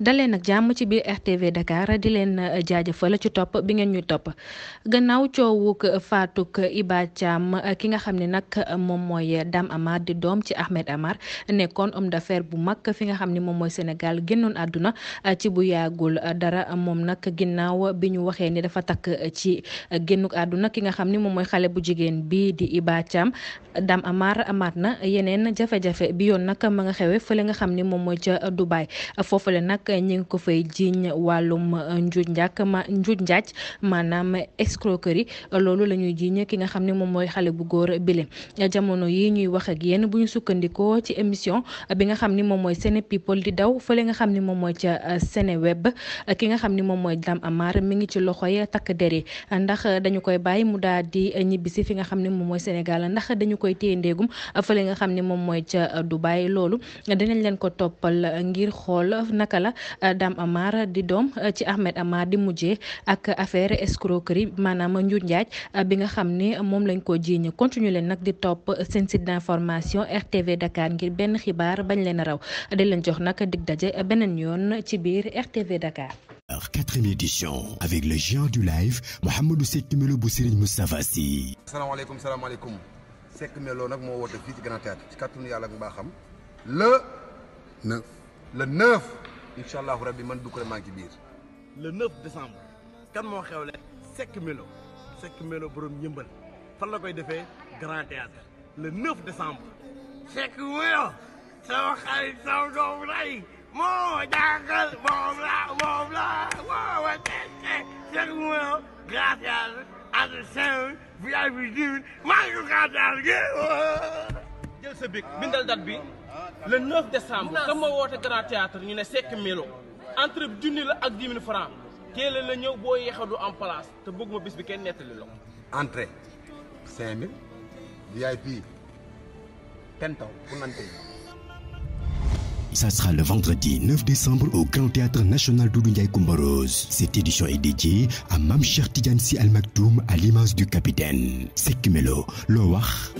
dalee nag jàmm ci biir RTV Dakar di leen eh, jaajëfal ci topp bi ngeen ñuy topp gannaaw coowuk faatuk Iba eh, ki nga xam ne nag eh, moom mooy Dame Amar di doom ci Ahmed Amar nekkoon homme d'affaires bu mag fi nga xam ne moom mooy Sénégal génnoon àdduna ci bu yaagul dara moom nag ginnaaw bi ñu waxee ni dafa takk ci génnuk àdduna ki nga xam ni moom mooy xale bu jigéen bi di Iba Thiam Dame Amar amaat na yeneen jafe-jafe bi yoon nag ma xewe xewee fële nga xam ni moom mooy ca Dubaay foofale nag ñu ngi ko fay jiiñ wàllum uh, njuuj njàkk ma njuuj njaaj maanaam escroquerie loolu la ñuy jiiñ ki nga xam ne moom mooy xale bu góor a jamono yi ñuy wax ak yéen bu ñu sukkandikoo ci émission bi nga xam ni moom mooy Sene People di daw fële nga xam ni moom mooy ca uh, Seneweb ki nga xam ni moom mooy Dame mi ngi ci loxoy takk der yi ndax dañu koy bàyyi mu daal di ñibbisi fi nga xam ne moom mooy Sénégal ndax dañu koy téye ndéegum fële nga xam ni moom mooy ca uh, Dubaï loolu dinañ leen ko toppal ngir xool naka la Eh, Dame Amar di dom eh, ci Ahmed Amar di mujjé ak affaire escroquerie maanaam njuuj njaaj eh, bi nga xamné mom lañ ko jiiñ continue len nak di top d'information RTV Dakar ngir ben xibar bañ leen a raw di leen jox nak dig dajé benen yoon ci biir RTV Dakar. quatrième édition avec le géant du live Mohamed Seck Melo bu Serigne Moustapha salam alaikum. salam Seck Melo nag moo woote fii ci Grand Théâtre ci kàttanu le. 9. le neuf inshallah allahu rabbi man Doucouré maa ngi ci biir. le 9 décembre. kan mo xewle Seck Melo Seck Melo borom ñëmbal fa la koy defee grand théâtre le 9 décembre. Seck Melo sama xarit sama doomu ndey moo jàngal mo bla mo bla moo wa tey Seck Melo gracias théâtre entre cinq VIP maa ngi ko grand théâtre jël sa bic bindal date bi le 9 décembre, comme au Théâtre Grand Théâtre, nous avons 5 000 entre 10 000 et 10 000 francs. Quel est le nom de la place en place Je veux que je ne sois 5 000, VIP 10 ans pour l'entrée. Ça sera le vendredi 9 décembre au Grand Théâtre National d'Oudoundiaï Kumboros. Cette édition est dédiée à Mam Cher Tidjansi Al Maktoum à l'image du capitaine. C'est Kimelo, le Wach.